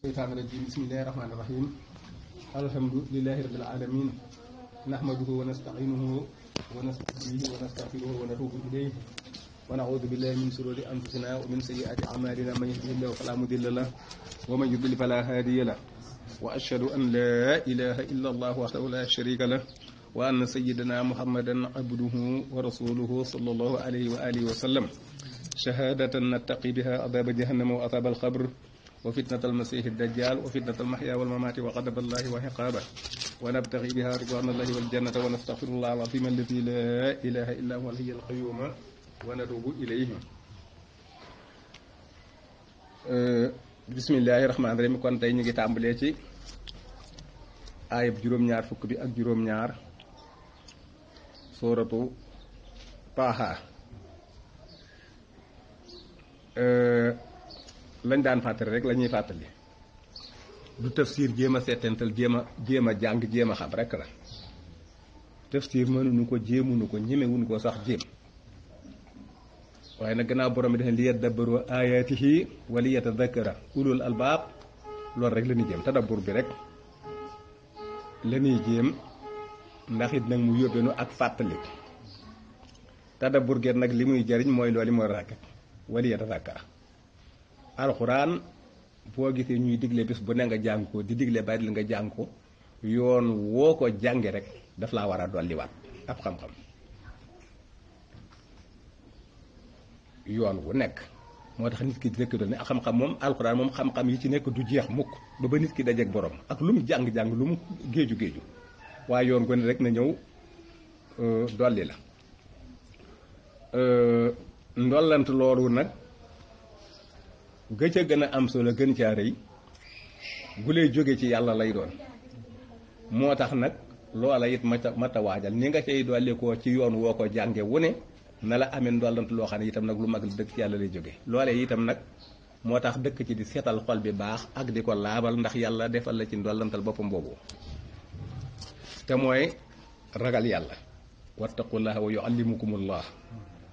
seytaani rajim bismillahi rahmaani rahim alhamdulilahi rabbil alamin nahmaduhu wa nastainuhu wa nastahdihi wa nastaghfiruhu wa natubu ilayhi wa naudu billahi min sururi anfusina wa min sayyiati amalina man yahdihillahu fala mudilla lah wa man yudlil fala hadiya lah wa ashhadu an la ilaha illa allah wahdahu la sharika lah wa anna sayyidina muhammadan abduhu wa rasuluhu sallallahu alayhi wa alihi wa sallam shahadatan nattaqi biha adaba jahannama wa adaba alqabr wa fitnat almasih dajjal wa fitnat almahya walmamati wa gadab allahi wa iqaba wa nabtaxi biha ridwan allahi waljannata wa nastaxfirullah alazim alladi la ilaha illa huwa alhayy alqayuma wa natubu ilayhi bismillahi rahmani rahim kon tey ñu ngi tàmbalee ci aayab juróom-ñaar fukk bi ak juróom-ñaar sooratu Taaha lañ daan fàttali rek lañuy fàttali du tafsir jéem a setental jéem a jéem a jàng jéem a xam rek la tafsir mënuñu ko jéemuñu ko ñemewuñu ko sax jéem waaye nag gannaaw borom bi def li yadabbaru ayaatihi wa li yatadakkara ulul albaab loolu rek la ñuy jéem tadabbur bi rek la ñuy jéem ndax it nag mu yóbbeenu ak fàttali tadabbur gi nag li muy jariñ mooy loolu mooy ràkk wa li yatadakkara alxuraan boo gisee ñuy digle bis bu ne nga jàng ko di digle bàyyi la nga jàng ko yoon woo ko jàngi rek daf laa war a dolliwaat ab xam-xam yoon wu nekk moo tax nit ki di nekk doon ne moom alxuraan moom xam-xam yi ci nekk du jeex mukk ba ba nit ki dajeeg ak lu mu jàng-jàng lu mu géeju géeju waaye yoon ko rek na ñëw euh, dolli la euh, ndollante loolu nag gë ca gën a am solo gën caa rëy gu lay jóge ci yàlla lay doon moo tax nag loola it mata mata waajal ni nga cay dolli ci yoon woo ko jànge wu ne na la amee ndollantu loo xam ne itam nag lu mag la dëkk ci yàlla lay jóge loole itam nag moo tax dëkk ci di seetal xol bi baax ak di ko laabal ndax yàlla defal la ci ndollantal boppam boobu te mooy ragal yàlla wattaqullaha wa yuallimukumullah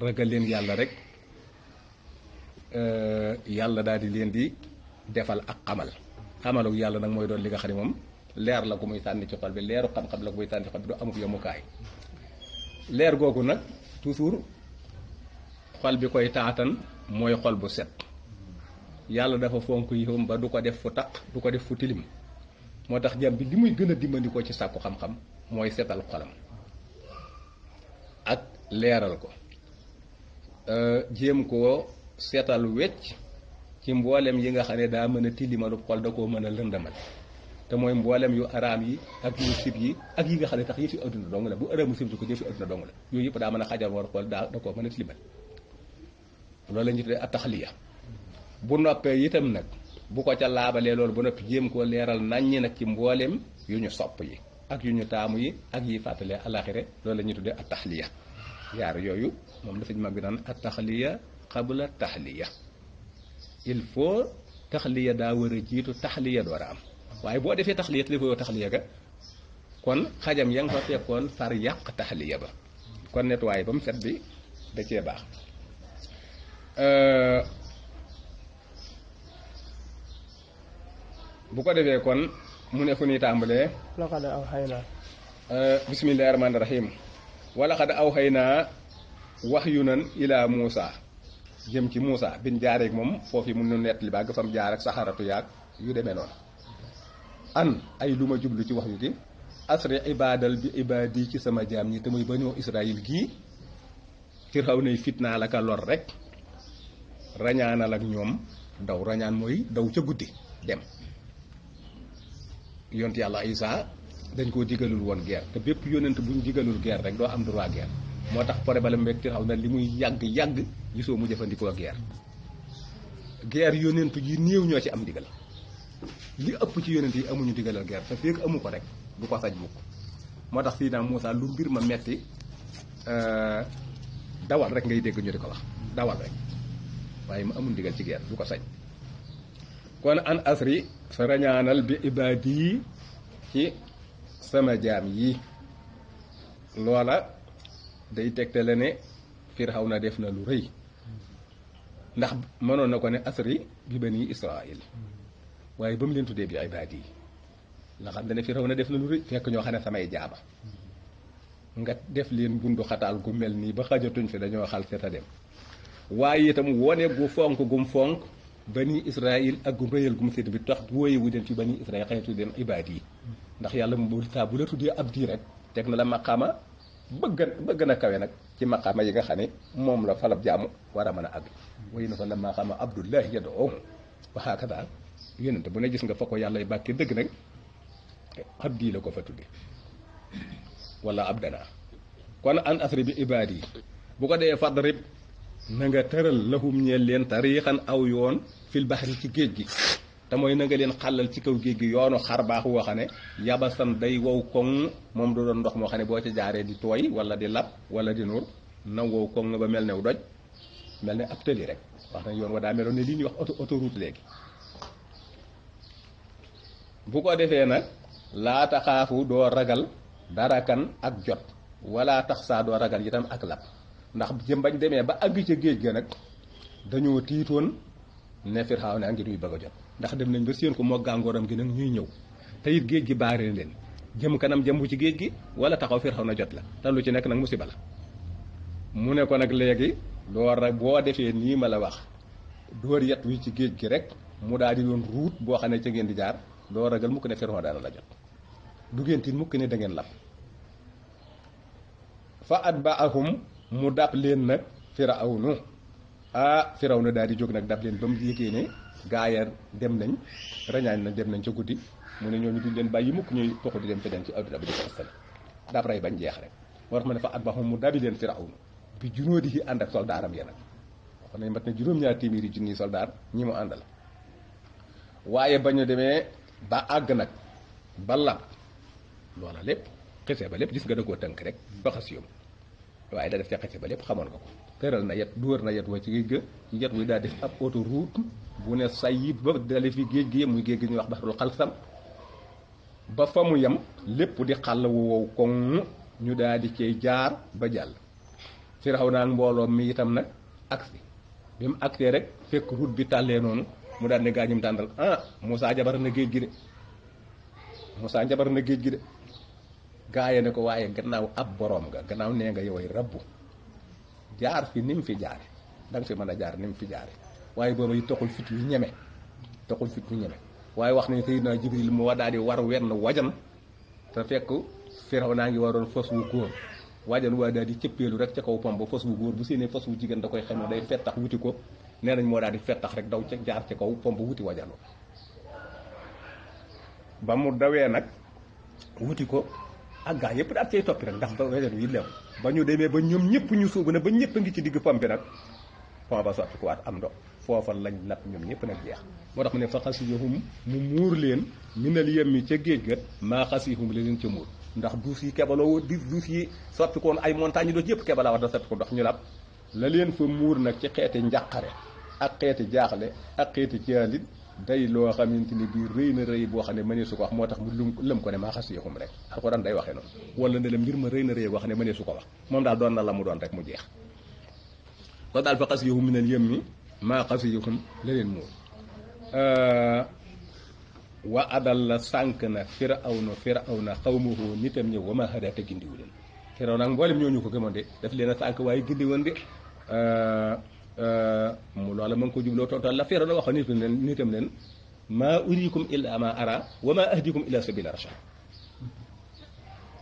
ragal leen yàlla rek Euh, yàlla daal di leen di defal ak xamal xamalu yàlla nag mooy doon li nga xam ne moom leer la ko muy sànni ci xol bi leeru xam-xam la ko muy sànni ci xol bi du amuk yemukaay leer googu nag toujours xol bi koy taatan mooy xol bu set yàlla dafa fonk yiwam ba du ko def fu taq du ko def fu tilim moo tax jàmm bi li muy gën a dimbandikoo ci sàkku xam-xam mooy setal xolam ak leeral ko euh, jéem koo seetal wecc ci mboolem yi nga xam ne daa mën a tilimalu xol da koo mën a lëndamal te mooy mboolem yu araam yi ak yu sib yi ak yi nga xam ne tax yëf yi adduna dong la bu araamu sib su ko jëf yi adduna dong la yooyu yëpp daa mën a xajal war xol daa da koo mën loolu la ñu tuddee ataxliya bu noppee itam nag bu ko ca laabalee loolu bu noppi jéem koo leeral naññi nag ci mboolem yu ñu sopp yi ak yu ñu taamu yi ak yi fàttalee alaxire loolu la ñuy tuddee ataxliya yaar yooyu moom la sëñ mag bi naan ataxliya qabla taxliya il faut taxliya daa war a jiitu taxliya door a waaye boo defee taxliya te defoo taxliya ga kon xajam ya fa fekkoon far yàq taxliya ba kon nettoyé ba mu set bi da cee euh, bu ko defee kon mu ne fu ñuy tàmbalee laqad aw xaynaa euh, bismillahi rahmaani rahim wala xad aw xaynaa wax yu nan ilaa Muusa jëm ci Moussa bin jaareeg moom foofu mun nu nettali ba fam jaar ak saxaratu yaag yu demee noonu an ay lu ma jublu ci wax yu gi asri ibaadal bi ibadi ci sama jaam ñi te muy bañoo Israil gii firaw nay fitnaal ak a lor rek rañaanal ak ñoom daw rañaan mooy daw ca guddi dem yont yàlla Isa dañ koo digalul woon geer te bépp yonent buñ digalul geer rek doo am droit guerre moo tax problème beeg ci xaw na li muy yàgg yàgg gisoo mu jëfandikoo guerre guerre yonentu yi néew ñoo ci am ndigal li ëpp ci yonent yi amuñu ndigalal guerre te fekk amu ko rek du ko sañ mukk moo tax Seydina Muusa lu mbir ma metti euh, dawal rek ngay dégg ñu di ko wax dawal rek waaye mu amul ndigal ci guerre du ko sañ kon an asri sa rañaanal bi ibaadi ci sama jaam yi loola day tegte la ne na def na lu rëy ndax mënoon na ko ne asri bi bani Israil waaye ba mu leen tuddee bi ibaad yi la xam ne Firawna def na lu rëy fekk ñoo xam ne samay jaaba nga def leen bundu xataal mel nii ba xajatuñ fi dañoo xal seeta dem waaye itam wone gu fonk gum fonk bani Israil ak gu rëyal gum seet bi tax wóoyewu leen ci bani Israil xëy na tuddee ibaad yi ndax yàlla mu saa bu la tuddee ab di rek teg na la maqaama bëgg na kawe nag ci maqaama yi nga xam ne moom la falab jaamu war a mën a àgg wayu na fa la maqaama abdullahi yadoo waxaaka daal yonente bu ne gis nga fa ko yàlla bàkkee dëgg nag abdi la ko fa tudde wala abdana kon an asri bi ibaad yi bu ko dee fadrib na nga tëral lahum ñeel leen tariixan aw yoon fil baxri ci géej gi te mooy na leen xàllal ci kaw géej gi yoonu xar baaxu woo xam ne yabasan day wow koŋ moom du doon ndox moo xam ne boo ca jaaree di tooy wala di lab wala di nuur na wow koŋ ba mel ne wu doj mel ne ab tëli rek wax nañ yoon wa daa meloon ne li ñuy wax auto autoroute léegi bu ko defee nag laa taxaafu doo ragal darakan ak jot wala tax saa doo ragal itam ak lab ndax jëm bañ demee ba àgg ca géej ga nag dañoo tiitoon ne firxaaw ne a ngi duy bëgg jot ndax dem nañ ba séen ko moo gàngooram gi nag ñuy ñëw te géej gi baare leen jëm kanam jëm ci géej gi wala taxaw fir na jot la te ci nekk nag mu musiba la mu ne ko nag léegi door rek boo defee nii ma la wax door yet wi ci géej gi rek mu daal di doon ruut boo xam ne ci ngeen di jaar doo ragal mukk ne firxoon dana la jot du ngeen tiit mukk ne da ngeen lab fa at ba ahum mu dab leen nag firawnu ah Firawna daal di jóg nag dab leen ba mu yëgee ne gaaya dem nañ rañaan na dem nañ ca guddi mu ne ñooñu duñ leen bàyyi mukk ñuy toxu di dem feneen ci adduna bi di bañ jeex rek moo ma ne fa adbahum mu dabi leen Firawna bi junóodi yi ànd ak soldaaram ya nag wax nañ mat na juróom-ñaar téeméeri junniy soldaar ñi mu àndal waaye ba ñu demee ba àgg nag ba lab loola lépp xese ba lépp gis nga da koo tënk rek ba xas waaye da def ca xese ba lépp xamoon nga ko tëral na yet dóor na yet wa ci géej ga yet wi daal def ab autoroute bu ne sayit ba dale fi géej gi yem muy géej gi ñuy wax baxarul xalsam ba fa mu yem lépp di xàll wu wow koŋ ñu daal di jaar ba jàll firaw naan mbooloo mi itam nag agsi bi mu agsee rek fekk route bi tàllee noonu mu daal ne gaa ñum tàndal ah Moussa jabar na géej gi de Moussa jabar na géej gi de gaa ne ko waaye gannaaw ab boroom nga gannaaw nee nga yoway rabbu jaar fi ni mu fi jaar da nga fi mën a jaar ni mu fi jaar waaye booba yi taxul fit yu ñeme taxul fit yu ñeme waaye wax naa Seydina Jibril mu war daal di war wenn wajan te fekk firaw naa ngi waroon fas wu góor wajan waa daal di cëppeelu rek ca kaw pom ba fas wu góor bu séenee fas wu jigéen da koy xemoon ne day fettax wuti ko nee nañ moo daal di fettax rek daw ca jaar ci kaw pom ba wuti wajan ba mu dawee nag wuti ko ak gaa yëpp daal cay toppi nag ndax ba weleen wi lew ba ñu demee ba ñoom ñëpp ñu suubu na ba ñëpp a ngi ci digg pom bi nag pom ba sotti kuwaat am ndox foofa lañ lap ñoom ñëpp nag jeex moo tax mu ne fa xasiyahum mu muur leen minal yemmi ca géej ga maa xasiyahum la leen ca muur ndax duus yi kebaloo di duus yi sotti koon ay montagne yi doon yëpp kebalaa war da sotti ko ndox ñu lap la leen fa muur nag ci xeeti njàqare ak xeeti jaaxle ak xeeti caalit day loo xamante ni biir rëy na rëy boo xam ne mënee su ko wax moo tax mu lum lëm ko ne maa xas yéexum rek alxuraan day waxee noonu wala ne la mbir na rëy boo ne mënee su ko wax moom daal doon na la mu doon rek mu jeex kon daal fa xas yéexum mi neen yëm mi maa xas yéexum la leen muur wa adal la sànq na firawna mu xawmahu nitam ñëw wa ma hada te gindiwu leen firaw nag mboolem ñooñu ko gëmoon de daf leen a sànq waaye gindi woon de Euh, mu loola ma ngi ko jubloo tontal la Firawna waxoon nit leen nitam leen maa uriikum illaa maa ara wa maa ahdikum illaa sabiila rashad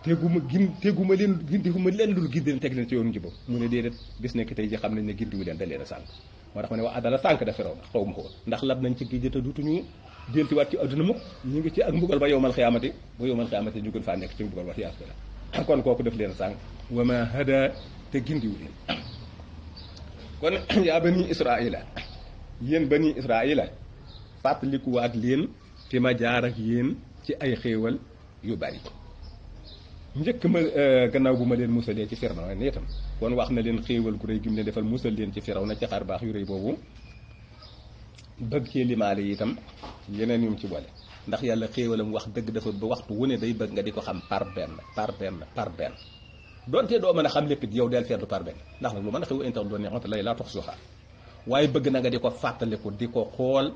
teguma gin teguma leen gindihuma leen dul gindi leen teg leen ci yoonu njubam mu ne déedéet bis nekk tey ji xam nañ ne gindiwu leen da leen a sànq moo tax ma ne waa àddala sànq da Firawna ko woon ndax lab nañ ci géej gi te duutuñu deltiwaat ci adduna mukk ñu ngi ci ak mbugal ba yowmal xiyaamati ba yowmal xiyaamati ñu gën faa nekk ci mbugal ba xiyaas bi la kon kooku def leen sànq wa maa kon yaa bani israila yéen bani israila fàttalikuwaat leen fi ma jaar ak yéen ci ay xéewal yu bari njëkk ma euh, gannaaw bu ma leen musalee ci firaw na itam kon wax na leen xéewal gu rëy gi defal musal leen ci firaw na ci xar baax yu rëy boobu bëgg cee limaale itam yeneen yum ci boole ndax yàlla xéewalam wax dëgg dafa ba waxtu wu ne day bëgg nga di ko xam par benn par benn donte doo mën a xam lépp it yow del du par benn ndax nag lu mën a xew inter doon neexante lay laa tox suuxaa waaye bëgg na nga di ko fàttaliku di ko xool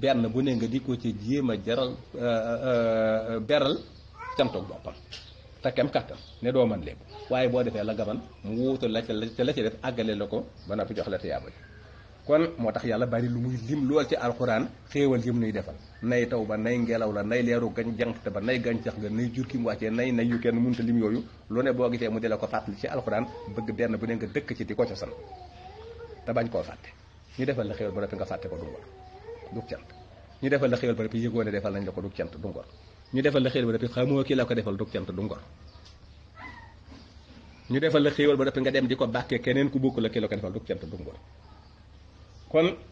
benn bu ne nga di ko ci jéem a jaral euh, euh, euh, beral cantoog boppam te kem kàttan ne doo mën lépp waaye boo defee la nga mën mu wuutal la ca la ca def àggale la ko ba noppi jox la tiyaaba kon moo tax yàlla bari lu muy lim lool ci alxuraan xéewal yëm nuy defal nay taw ba nay ngelaw la nay leeru gañ jànqte ba nay gàncax ga nay jur ki mu wàccee nay nay yu kenn munta lim yooyu lu ne boo gisee mu dele ko fàttali ci alxuraan bëgg benn bu ne nga dëkk ci di ko cosal te bañ koo fàtte ñu defal la xéewal ba noppi nga fàtte ko du ngor du cant ñu defal la xéewal ba noppi yëgoone defal nañ la ko du cant du ngor ñu defal la xéewal ba noppi xamoo kii la ko defal du cant du ñu defal la xéewal ba noppi nga dem di ko bàkkee keneen ku bokk la kii la ko defal du cant du ngor kon